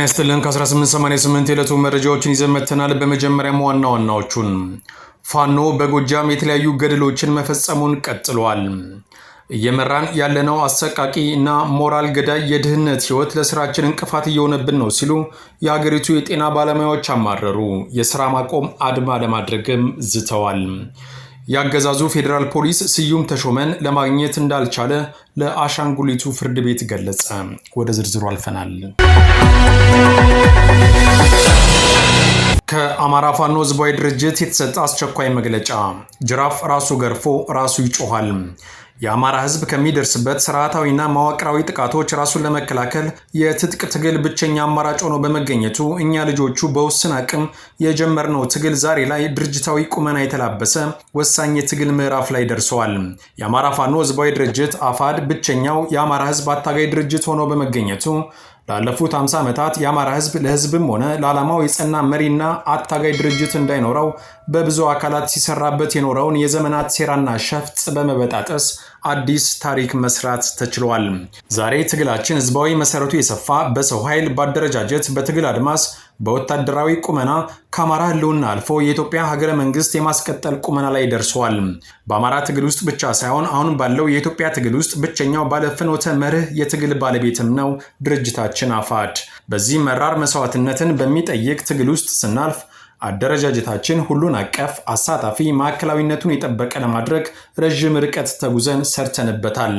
ጤና ይስጥልን። ከ1888 የዕለቱ መረጃዎችን ይዘን መጥተናል። በመጀመሪያም ዋና ዋናዎቹን ፋኖ በጎጃም የተለያዩ ገድሎችን መፈጸሙን ቀጥሏል። እየመራን ያለነው አሰቃቂ እና ሞራል ገዳይ የድህነት ህይወት ለስራችን እንቅፋት እየሆነብን ነው ሲሉ የሀገሪቱ የጤና ባለሙያዎች አማረሩ። የስራ ማቆም አድማ ለማድረግም ዝተዋል። የአገዛዙ ፌዴራል ፖሊስ ስዩም ተሾመን ለማግኘት እንዳልቻለ ለአሻንጉሊቱ ፍርድ ቤት ገለጸ። ወደ ዝርዝሩ አልፈናል። ከአማራ ፋኖ ህዝባዊ ድርጅት የተሰጠ አስቸኳይ መግለጫ። ጅራፍ ራሱ ገርፎ ራሱ ይጮኋል። የአማራ ህዝብ ከሚደርስበት ስርዓታዊና መዋቅራዊ ጥቃቶች ራሱን ለመከላከል የትጥቅ ትግል ብቸኛ አማራጭ ሆኖ በመገኘቱ እኛ ልጆቹ በውስን አቅም የጀመርነው ትግል ዛሬ ላይ ድርጅታዊ ቁመና የተላበሰ ወሳኝ የትግል ምዕራፍ ላይ ደርሰዋል። የአማራ ፋኖ ህዝባዊ ድርጅት አፋድ ብቸኛው የአማራ ህዝብ አታጋይ ድርጅት ሆኖ በመገኘቱ ላለፉት 50 ዓመታት የአማራ ሕዝብ ለህዝብም ሆነ ለዓላማው የጸና መሪና አታጋይ ድርጅት እንዳይኖረው በብዙ አካላት ሲሰራበት የኖረውን የዘመናት ሴራና ሸፍጥ በመበጣጠስ አዲስ ታሪክ መስራት ተችሏል። ዛሬ ትግላችን ህዝባዊ መሰረቱ የሰፋ በሰው ኃይል፣ በአደረጃጀት፣ በትግል አድማስ በወታደራዊ ቁመና ከአማራ ህልውና አልፎ የኢትዮጵያ ሀገረ መንግስት የማስቀጠል ቁመና ላይ ደርሰዋል። በአማራ ትግል ውስጥ ብቻ ሳይሆን አሁን ባለው የኢትዮጵያ ትግል ውስጥ ብቸኛው ባለፍኖተ መርህ የትግል ባለቤትም ነው ድርጅታችን አፋድ። በዚህ መራር መስዋዕትነትን በሚጠይቅ ትግል ውስጥ ስናልፍ አደረጃጀታችን ሁሉን አቀፍ አሳታፊ ማዕከላዊነቱን የጠበቀ ለማድረግ ረዥም ርቀት ተጉዘን ሰርተንበታል።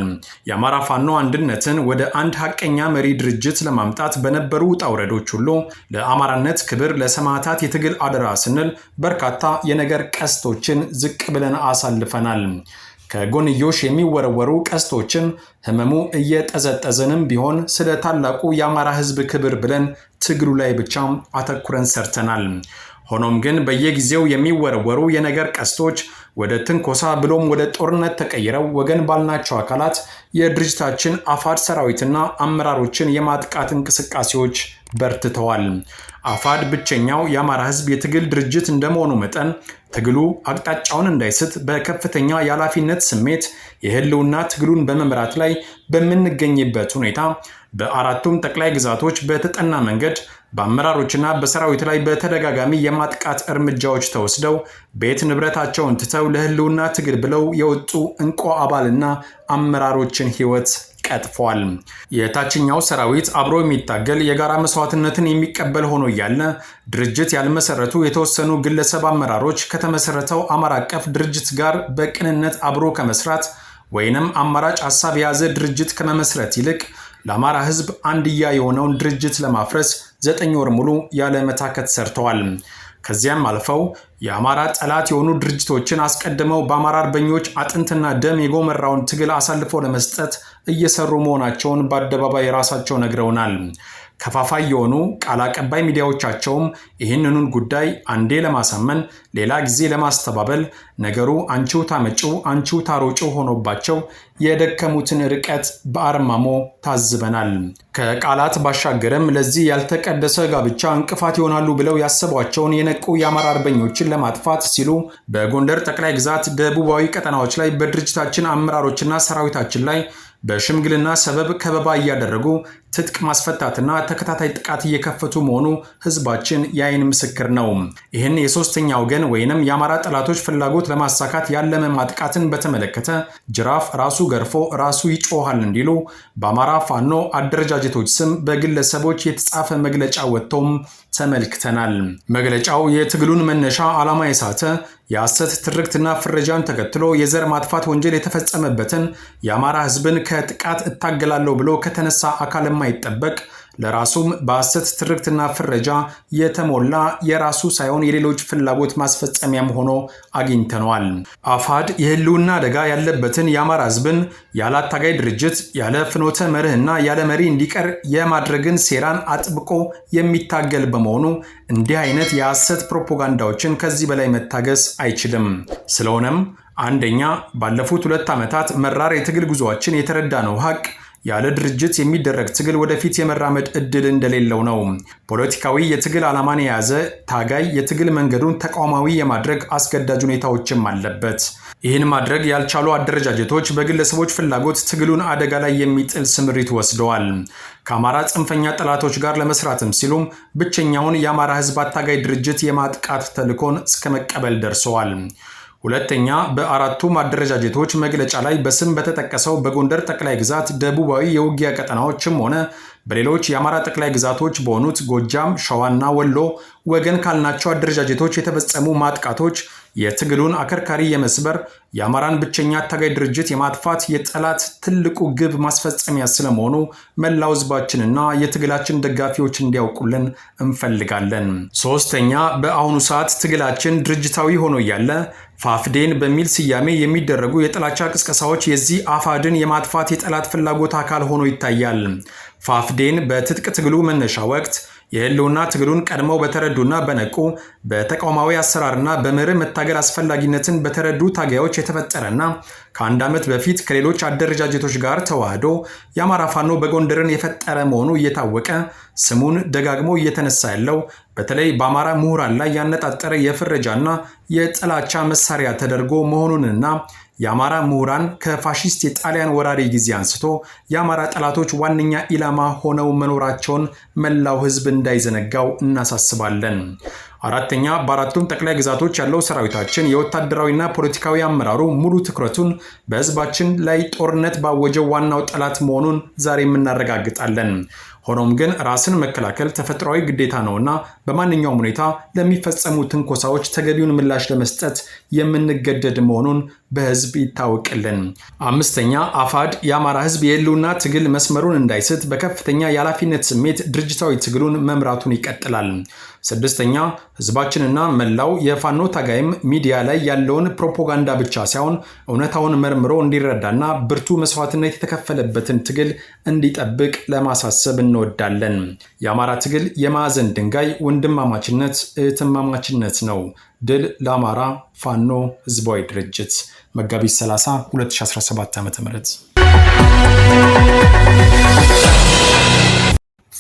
የአማራ ፋኖ አንድነትን ወደ አንድ ሀቀኛ መሪ ድርጅት ለማምጣት በነበሩ ውጣ ውረዶች ሁሉ ለአማራነት ክብር፣ ለሰማዕታት የትግል አደራ ስንል በርካታ የነገር ቀስቶችን ዝቅ ብለን አሳልፈናል። ከጎንዮሽ የሚወረወሩ ቀስቶችን ህመሙ እየጠዘጠዘንም ቢሆን ስለ ታላቁ የአማራ ህዝብ ክብር ብለን ትግሉ ላይ ብቻ አተኩረን ሰርተናል። ሆኖም ግን በየጊዜው የሚወረወሩ የነገር ቀስቶች ወደ ትንኮሳ ብሎም ወደ ጦርነት ተቀይረው ወገን ባልናቸው አካላት የድርጅታችን አፋድ ሰራዊትና አመራሮችን የማጥቃት እንቅስቃሴዎች በርትተዋል። አፋድ ብቸኛው የአማራ ሕዝብ የትግል ድርጅት እንደመሆኑ መጠን ትግሉ አቅጣጫውን እንዳይስት በከፍተኛ የኃላፊነት ስሜት የህልውና ትግሉን በመምራት ላይ በምንገኝበት ሁኔታ በአራቱም ጠቅላይ ግዛቶች በተጠና መንገድ በአመራሮችና በሰራዊት ላይ በተደጋጋሚ የማጥቃት እርምጃዎች ተወስደው ቤት ንብረታቸውን ትተው ለህልውና ትግል ብለው የወጡ እንቁ አባልና አመራሮችን ሕይወት ቀጥፏል። የታችኛው ሰራዊት አብሮ የሚታገል የጋራ መስዋዕትነትን የሚቀበል ሆኖ እያለ ድርጅት ያልመሰረቱ የተወሰኑ ግለሰብ አመራሮች ከተመሰረተው አማራ አቀፍ ድርጅት ጋር በቅንነት አብሮ ከመስራት ወይንም አማራጭ ሀሳብ የያዘ ድርጅት ከመመስረት ይልቅ ለአማራ ህዝብ አንድያ የሆነውን ድርጅት ለማፍረስ ዘጠኝ ወር ሙሉ ያለ መታከት ሰርተዋል። ከዚያም አልፈው የአማራ ጠላት የሆኑ ድርጅቶችን አስቀድመው በአማራ አርበኞች አጥንትና ደም የጎመራውን ትግል አሳልፈው ለመስጠት እየሰሩ መሆናቸውን በአደባባይ ራሳቸው ነግረውናል። ከፋፋይ የሆኑ ቃል አቀባይ ሚዲያዎቻቸውም ይህንኑን ጉዳይ አንዴ ለማሳመን ሌላ ጊዜ ለማስተባበል ነገሩ አንቺው ታመጪው አንቺው ታሮጪው ሆኖባቸው የደከሙትን ርቀት በአርማሞ ታዝበናል። ከቃላት ባሻገርም ለዚህ ያልተቀደሰ ጋብቻ እንቅፋት ይሆናሉ ብለው ያሰቧቸውን የነቁ የአማራ አርበኞችን ለማጥፋት ሲሉ በጎንደር ጠቅላይ ግዛት ደቡባዊ ቀጠናዎች ላይ በድርጅታችን አመራሮችና ሰራዊታችን ላይ በሽምግልና ሰበብ ከበባ እያደረጉ ትጥቅ ማስፈታትና ተከታታይ ጥቃት እየከፈቱ መሆኑ ህዝባችን የአይን ምስክር ነው። ይህን የሶስተኛ ወገን ወይንም የአማራ ጠላቶች ፍላጎት ለማሳካት ያለመ ማጥቃትን በተመለከተ ጅራፍ ራሱ ገርፎ ራሱ ይጮሃል እንዲሉ በአማራ ፋኖ አደረጃጀቶች ስም በግለሰቦች የተጻፈ መግለጫ ወጥቶም ተመልክተናል። መግለጫው የትግሉን መነሻ ዓላማ የሳተ የሐሰት ትርክትና ፍረጃን ተከትሎ የዘር ማጥፋት ወንጀል የተፈጸመበትን የአማራ ሕዝብን ከጥቃት እታገላለሁ ብሎ ከተነሳ አካል የማይጠበቅ ለራሱም በሐሰት ትርክትና ፍረጃ የተሞላ የራሱ ሳይሆን የሌሎች ፍላጎት ማስፈጸሚያም ሆኖ አግኝተነዋል። አፋድ የህልውና አደጋ ያለበትን የአማራ ህዝብን ያለ አታጋይ ድርጅት ያለ ፍኖተ መርህና ያለ መሪ እንዲቀር የማድረግን ሴራን አጥብቆ የሚታገል በመሆኑ እንዲህ አይነት የሐሰት ፕሮፓጋንዳዎችን ከዚህ በላይ መታገስ አይችልም። ስለሆነም አንደኛ ባለፉት ሁለት ዓመታት መራር የትግል ጉዞዎችን የተረዳነው ሀቅ ያለ ድርጅት የሚደረግ ትግል ወደፊት የመራመድ እድል እንደሌለው ነው። ፖለቲካዊ የትግል ዓላማን የያዘ ታጋይ የትግል መንገዱን ተቋማዊ የማድረግ አስገዳጅ ሁኔታዎችም አለበት። ይህን ማድረግ ያልቻሉ አደረጃጀቶች በግለሰቦች ፍላጎት ትግሉን አደጋ ላይ የሚጥል ስምሪት ወስደዋል። ከአማራ ጽንፈኛ ጠላቶች ጋር ለመስራትም ሲሉም ብቸኛውን የአማራ ሕዝብ አታጋይ ድርጅት የማጥቃት ተልዕኮን እስከ መቀበል ደርሰዋል። ሁለተኛ በአራቱም አደረጃጀቶች መግለጫ ላይ በስም በተጠቀሰው በጎንደር ጠቅላይ ግዛት ደቡባዊ የውጊያ ቀጠናዎችም ሆነ በሌሎች የአማራ ጠቅላይ ግዛቶች በሆኑት ጎጃም፣ ሸዋና ወሎ ወገን ካልናቸው አደረጃጀቶች የተፈጸሙ ማጥቃቶች የትግሉን አከርካሪ የመስበር የአማራን ብቸኛ ታጋይ ድርጅት የማጥፋት የጠላት ትልቁ ግብ ማስፈጸሚያ ስለመሆኑ መላው ህዝባችንና የትግላችን ደጋፊዎች እንዲያውቁልን እንፈልጋለን። ሶስተኛ፣ በአሁኑ ሰዓት ትግላችን ድርጅታዊ ሆኖ እያለ ፋፍዴን በሚል ስያሜ የሚደረጉ የጥላቻ ቅስቀሳዎች የዚህ አፋድን የማጥፋት የጠላት ፍላጎት አካል ሆኖ ይታያል። ፋፍዴን በትጥቅ ትግሉ መነሻ ወቅት የህልውና ትግሉን ቀድመው በተረዱና በነቁ በተቋማዊ አሰራርና በምርህ መታገል አስፈላጊነትን በተረዱ ታጋዮች የተፈጠረና ከአንድ ዓመት በፊት ከሌሎች አደረጃጀቶች ጋር ተዋህዶ የአማራ ፋኖ በጎንደርን የፈጠረ መሆኑ እየታወቀ ስሙን ደጋግሞ እየተነሳ ያለው በተለይ በአማራ ምሁራን ላይ ያነጣጠረ የፍረጃና የጥላቻ መሳሪያ ተደርጎ መሆኑንና የአማራ ምሁራን ከፋሽስት የጣሊያን ወራሪ ጊዜ አንስቶ የአማራ ጠላቶች ዋነኛ ኢላማ ሆነው መኖራቸውን መላው ሕዝብ እንዳይዘነጋው እናሳስባለን። አራተኛ፣ በአራቱም ጠቅላይ ግዛቶች ያለው ሰራዊታችን የወታደራዊና ፖለቲካዊ አመራሩ ሙሉ ትኩረቱን በህዝባችን ላይ ጦርነት ባወጀው ዋናው ጠላት መሆኑን ዛሬም እናረጋግጣለን። ሆኖም ግን ራስን መከላከል ተፈጥሯዊ ግዴታ ነውና በማንኛውም ሁኔታ ለሚፈጸሙ ትንኮሳዎች ተገቢውን ምላሽ ለመስጠት የምንገደድ መሆኑን በህዝብ ይታወቅልን። አምስተኛ አፋድ የአማራ ህዝብ የህልውና ትግል መስመሩን እንዳይስት በከፍተኛ የኃላፊነት ስሜት ድርጅታዊ ትግሉን መምራቱን ይቀጥላል። ስድስተኛ ህዝባችንና መላው የፋኖ ታጋይም ሚዲያ ላይ ያለውን ፕሮፓጋንዳ ብቻ ሳይሆን እውነታውን መርምሮ እንዲረዳና ብርቱ መስዋዕትነት የተከፈለበትን ትግል እንዲጠብቅ ለማሳሰብ እንወዳለን። የአማራ ትግል የማዕዘን ድንጋይ ወንድማማችነት፣ እህትማማችነት ነው። ድል ለአማራ ፋኖ ህዝባዊ ድርጅት መጋቢት 30 2017 ዓ ም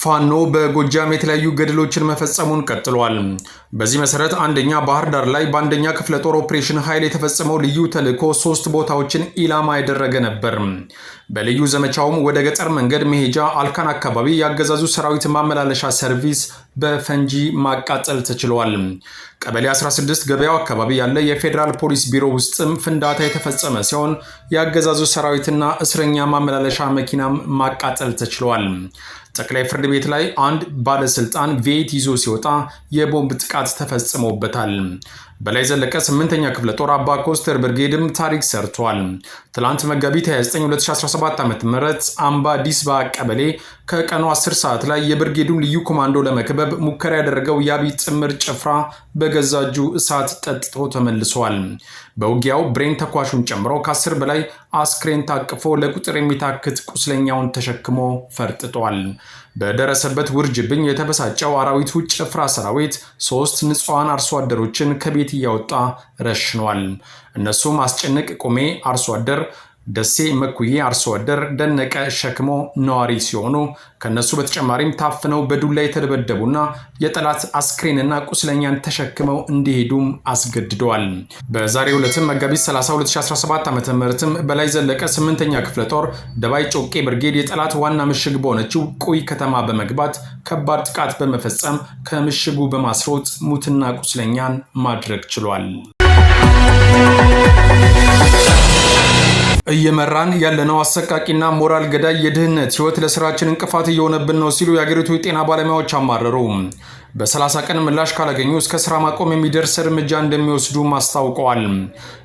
ፋኖ በጎጃም የተለያዩ ገድሎችን መፈጸሙን ቀጥሏል። በዚህ መሰረት አንደኛ ባህር ዳር ላይ በአንደኛ ክፍለ ጦር ኦፕሬሽን ኃይል የተፈጸመው ልዩ ተልዕኮ ሶስት ቦታዎችን ኢላማ ያደረገ ነበር። በልዩ ዘመቻውም ወደ ገጠር መንገድ መሄጃ አልካን አካባቢ ያገዛዙ ሰራዊት ማመላለሻ ሰርቪስ በፈንጂ ማቃጠል ተችሏል። ቀበሌ 16 ገበያው አካባቢ ያለ የፌዴራል ፖሊስ ቢሮ ውስጥም ፍንዳታ የተፈጸመ ሲሆን የአገዛዙ ሰራዊትና እስረኛ ማመላለሻ መኪናም ማቃጠል ተችሏል። ጠቅላይ ፍርድ ቤት ላይ አንድ ባለስልጣን ቬይት ይዞ ሲወጣ የቦምብ ጥቃት ተፈጽሞበታል። በላይ ዘለቀ ስምንተኛ ክፍለ ጦር አባ ኮስተር ብርጌድም ታሪክ ሰርቷል። ትላንት መጋቢት 292017 ዓ ም አምባ ዲስባ ቀበሌ ከቀኑ 10 ሰዓት ላይ የብርጌዱን ልዩ ኮማንዶ ለመክበብ ሙከራ ያደረገው የአብይ ጥምር ጭፍራ በገዛ እጁ እሳት ጠጥቶ ተመልሷል። በውጊያው ብሬን ተኳሹን ጨምሮ ከ10 በላይ አስክሬን ታቅፎ ለቁጥር የሚታክት ቁስለኛውን ተሸክሞ ፈርጥጧል። በደረሰበት ውርጅብኝ የተበሳጨው አራዊቱ ጭፍራ ሰራዊት ሶስት ንጹሐን አርሶ አደሮችን ከቤት እያወጣ ረሽኗል። እነሱም አስጨንቅ ቁሜ አርሶ አደር ደሴ መኩዬ አርሶ አደር፣ ደነቀ ሸክሞ ነዋሪ ሲሆኑ ከነሱ በተጨማሪም ታፍነው በዱላ የተደበደቡና የጠላት አስክሬንና ቁስለኛን ተሸክመው እንዲሄዱም አስገድደዋል። በዛሬ ዕለትም መጋቢት 30 2017 ዓ ም በላይ ዘለቀ ስምንተኛ ክፍለ ጦር ደባይ ጮቄ ብርጌድ የጠላት ዋና ምሽግ በሆነችው ቁይ ከተማ በመግባት ከባድ ጥቃት በመፈጸም ከምሽጉ በማስሮጥ ሙትና ቁስለኛን ማድረግ ችሏል። እየመራን ያለነው አሰቃቂና ሞራል ገዳይ የድህነት ህይወት ለስራችን እንቅፋት እየሆነብን ነው ሲሉ የአገሪቱ የጤና ባለሙያዎች አማረሩ። በ30 ቀን ምላሽ ካላገኙ እስከ ስራ ማቆም የሚደርስ እርምጃ እንደሚወስዱም አስታውቀዋል።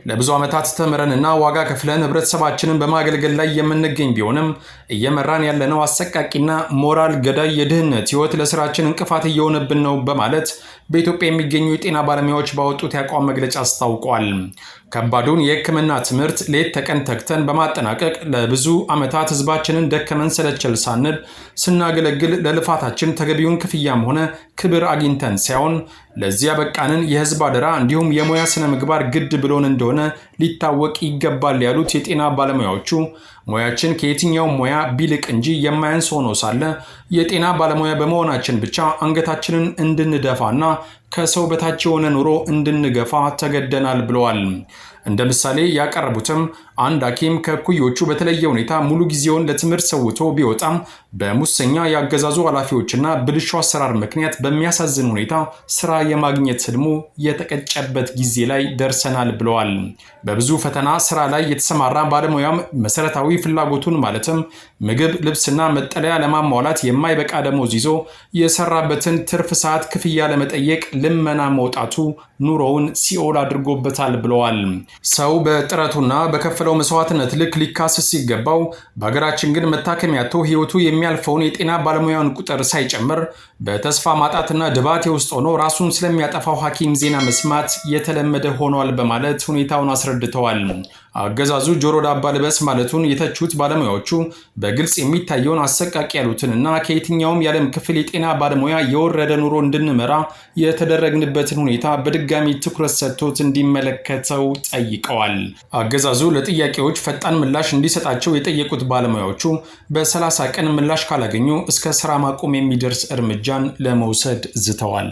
ለብዙ ዓመታት ተምረንና ዋጋ ከፍለን ህብረተሰባችንን በማገልገል ላይ የምንገኝ ቢሆንም እየመራን ያለነው አሰቃቂና ሞራል ገዳይ የድህነት ህይወት ለስራችን እንቅፋት እየሆነብን ነው በማለት በኢትዮጵያ የሚገኙ የጤና ባለሙያዎች ባወጡት የአቋም መግለጫ አስታውቋል። ከባዱን የሕክምና ትምህርት ሌት ተቀን ተግተን በማጠናቀቅ ለብዙ ዓመታት ህዝባችንን ደከመን ሰለቸል ሳንል ስናገለግል ለልፋታችን ተገቢውን ክፍያም ሆነ ክብር አግኝተን ሳይሆን ለዚያ በቃንን የህዝብ አደራ እንዲሁም የሙያ ስነ ምግባር ግድ ብሎን እንደሆነ ሊታወቅ ይገባል ያሉት የጤና ባለሙያዎቹ ሙያችን ከየትኛውም ሙያ ቢልቅ እንጂ የማያንስ ሆኖ ሳለ የጤና ባለሙያ በመሆናችን ብቻ አንገታችንን እንድንደፋና ከሰው በታች የሆነ ኑሮ እንድንገፋ ተገደናል ብለዋል። እንደ ምሳሌ ያቀረቡትም አንድ ሐኪም ከኩዮቹ በተለየ ሁኔታ ሙሉ ጊዜውን ለትምህርት ሰውቶ ቢወጣም በሙሰኛ የአገዛዙ ኃላፊዎችና ብልሹ አሰራር ምክንያት በሚያሳዝን ሁኔታ ስራ የማግኘት ህልሙ የተቀጨበት ጊዜ ላይ ደርሰናል ብለዋል። በብዙ ፈተና ስራ ላይ የተሰማራ ባለሙያም መሰረታዊ ፍላጎቱን ማለትም ምግብ፣ ልብስና መጠለያ ለማሟላት የማይበቃ ደሞዝ ይዞ የሰራበትን ትርፍ ሰዓት ክፍያ ለመጠየቅ ልመና መውጣቱ ኑሮውን ሲኦል አድርጎበታል ብለዋል። ሰው በጥረቱና በከፍ የሚከፍለው መስዋዕትነት ልክ ሊካሰስ ሲገባው በሀገራችን ግን መታከሚያ አጥቶ የሚያልፈውን የጤና ባለሙያውን ቁጥር ሳይጨምር በተስፋ ማጣትና ድባቴ ውስጥ ሆኖ ራሱን ስለሚያጠፋው ሐኪም ዜና መስማት የተለመደ ሆኗል በማለት ሁኔታውን አስረድተዋል። አገዛዙ ጆሮ ዳባ ልበስ ማለቱን የተቹት ባለሙያዎቹ በግልጽ የሚታየውን አሰቃቂ ያሉትን እና ከየትኛውም የዓለም ክፍል የጤና ባለሙያ የወረደ ኑሮ እንድንመራ የተደረግንበትን ሁኔታ በድጋሚ ትኩረት ሰጥቶት እንዲመለከተው ጠይቀዋል። አገዛዙ ለጥያቄዎች ፈጣን ምላሽ እንዲሰጣቸው የጠየቁት ባለሙያዎቹ በሰላሳ ቀን ምላሽ ካላገኙ እስከ ስራ ማቆም የሚደርስ እርምጃን ለመውሰድ ዝተዋል።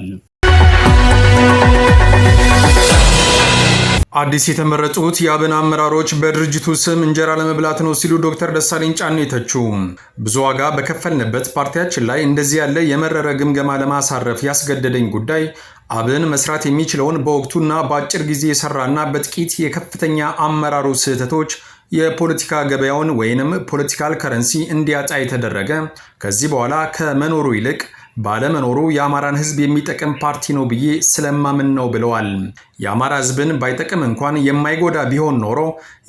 አዲስ የተመረጡት የአብን አመራሮች በድርጅቱ ስም እንጀራ ለመብላት ነው ሲሉ ዶክተር ደሳለኝ ጫኔ የተቹ። ብዙ ዋጋ በከፈልንበት ፓርቲያችን ላይ እንደዚህ ያለ የመረረ ግምገማ ለማሳረፍ ያስገደደኝ ጉዳይ አብን መስራት የሚችለውን በወቅቱና በአጭር ጊዜ የሰራና በጥቂት የከፍተኛ አመራሩ ስህተቶች የፖለቲካ ገበያውን ወይንም ፖለቲካል ከረንሲ እንዲያጣ የተደረገ ከዚህ በኋላ ከመኖሩ ይልቅ ባለመኖሩ የአማራን ህዝብ የሚጠቅም ፓርቲ ነው ብዬ ስለማምን ነው ብለዋል። የአማራ ህዝብን ባይጠቅም እንኳን የማይጎዳ ቢሆን ኖሮ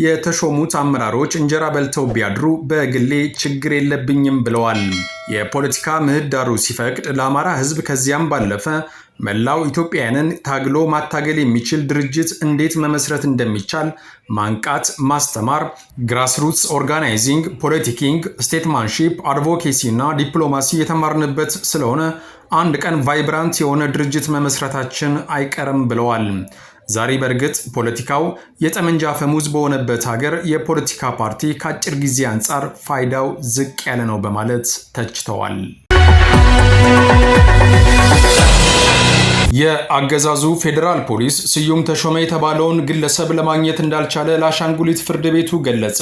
የተሾሙት አመራሮች እንጀራ በልተው ቢያድሩ በግሌ ችግር የለብኝም ብለዋል። የፖለቲካ ምህዳሩ ሲፈቅድ ለአማራ ህዝብ ከዚያም ባለፈ መላው ኢትዮጵያውያንን ታግሎ ማታገል የሚችል ድርጅት እንዴት መመስረት እንደሚቻል ማንቃት፣ ማስተማር፣ ግራስሩትስ ኦርጋናይዚንግ፣ ፖለቲኪንግ፣ ስቴትማንሺፕ፣ አድቮኬሲ እና ዲፕሎማሲ የተማርንበት ስለሆነ አንድ ቀን ቫይብራንት የሆነ ድርጅት መመስረታችን አይቀርም ብለዋል። ዛሬ በእርግጥ ፖለቲካው የጠመንጃ ፈሙዝ በሆነበት ሀገር የፖለቲካ ፓርቲ ከአጭር ጊዜ አንጻር ፋይዳው ዝቅ ያለ ነው በማለት ተችተዋል። የአገዛዙ ፌዴራል ፖሊስ ስዩም ተሾመ የተባለውን ግለሰብ ለማግኘት እንዳልቻለ ለአሻንጉሊት ፍርድ ቤቱ ገለጸ።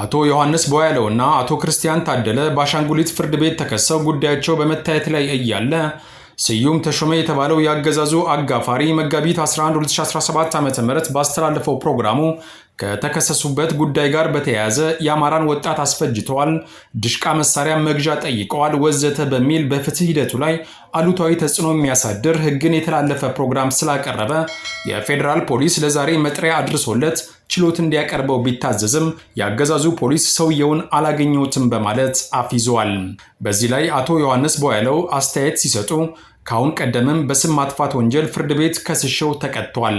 አቶ ዮሐንስ እና አቶ ክርስቲያን ታደለ በአሻንጉሊት ፍርድ ቤት ተከሰው ጉዳያቸው በመታየት ላይ እያለ ስዩም ተሾመ የተባለው የአገዛዙ አጋፋሪ መጋቢት 11 2017 ዓ ም ባስተላለፈው ፕሮግራሙ ከተከሰሱበት ጉዳይ ጋር በተያያዘ የአማራን ወጣት አስፈጅተዋል፣ ድሽቃ መሳሪያ መግዣ ጠይቀዋል፣ ወዘተ በሚል በፍትህ ሂደቱ ላይ አሉታዊ ተጽዕኖ የሚያሳድር ህግን የተላለፈ ፕሮግራም ስላቀረበ የፌዴራል ፖሊስ ለዛሬ መጥሪያ አድርሶለት ችሎት እንዲያቀርበው ቢታዘዝም የአገዛዙ ፖሊስ ሰውየውን አላገኘሁትም በማለት አፍ ይዘዋል። በዚህ ላይ አቶ ዮሐንስ ቦያለው አስተያየት ሲሰጡ ከአሁን ቀደምም በስም ማጥፋት ወንጀል ፍርድ ቤት ከስሸው ተቀጥቷል።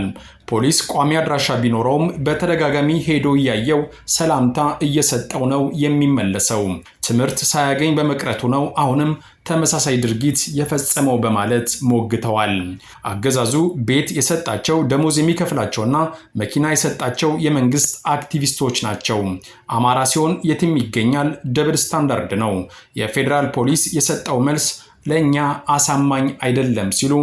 ፖሊስ ቋሚ አድራሻ ቢኖረውም በተደጋጋሚ ሄዶ እያየው ሰላምታ እየሰጠው ነው የሚመለሰው። ትምህርት ሳያገኝ በመቅረቱ ነው አሁንም ተመሳሳይ ድርጊት የፈጸመው በማለት ሞግተዋል። አገዛዙ ቤት የሰጣቸው ደሞዝ የሚከፍላቸውና መኪና የሰጣቸው የመንግስት አክቲቪስቶች ናቸው። አማራ ሲሆን የትም ይገኛል፣ ደብል ስታንዳርድ ነው። የፌዴራል ፖሊስ የሰጠው መልስ ለእኛ አሳማኝ አይደለም ሲሉ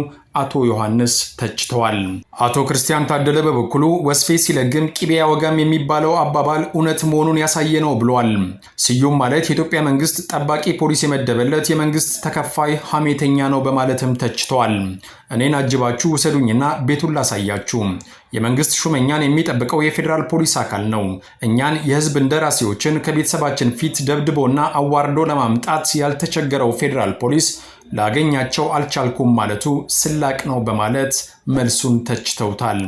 አቶ ዮሐንስ ተችተዋል። አቶ ክርስቲያን ታደለ በበኩሉ ወስፌ ሲለግም ቅቤ ያወጋም የሚባለው አባባል እውነት መሆኑን ያሳየ ነው ብለዋል። ስዩም ማለት የኢትዮጵያ መንግስት ጠባቂ ፖሊስ የመደበለት የመንግስት ተከፋይ ሐሜተኛ ነው በማለትም ተችተዋል። እኔን አጅባችሁ ውሰዱኝና ቤቱን ላሳያችሁ። የመንግስት ሹመኛን የሚጠብቀው የፌዴራል ፖሊስ አካል ነው። እኛን የህዝብ እንደራሴዎችን ከቤተሰባችን ፊት ደብድቦና አዋርዶ ለማምጣት ያልተቸገረው ፌዴራል ፖሊስ ላገኛቸው አልቻልኩም ማለቱ ስላቅ ነው በማለት መልሱን ተችተውታል።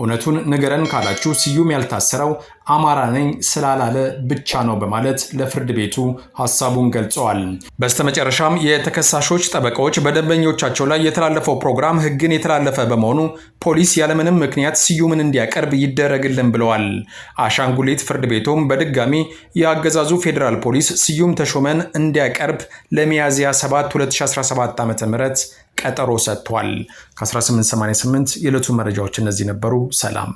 እውነቱን ንገረን ካላችሁ ስዩም ያልታሰረው አማራ ነኝ ስላላለ ብቻ ነው በማለት ለፍርድ ቤቱ ሀሳቡን ገልጸዋል። በስተመጨረሻም የተከሳሾች ጠበቃዎች በደንበኞቻቸው ላይ የተላለፈው ፕሮግራም ሕግን የተላለፈ በመሆኑ ፖሊስ ያለምንም ምክንያት ስዩምን እንዲያቀርብ ይደረግልን ብለዋል። አሻንጉሊት ፍርድ ቤቱም በድጋሚ የአገዛዙ ፌዴራል ፖሊስ ስዩም ተሾመን እንዲያቀርብ ለሚያዝያ 7 2017 ዓ.ም ቀጠሮ ሰጥቷል። ከ1888 የዕለቱ መረጃዎች እነዚህ ነበሩ። ሰላም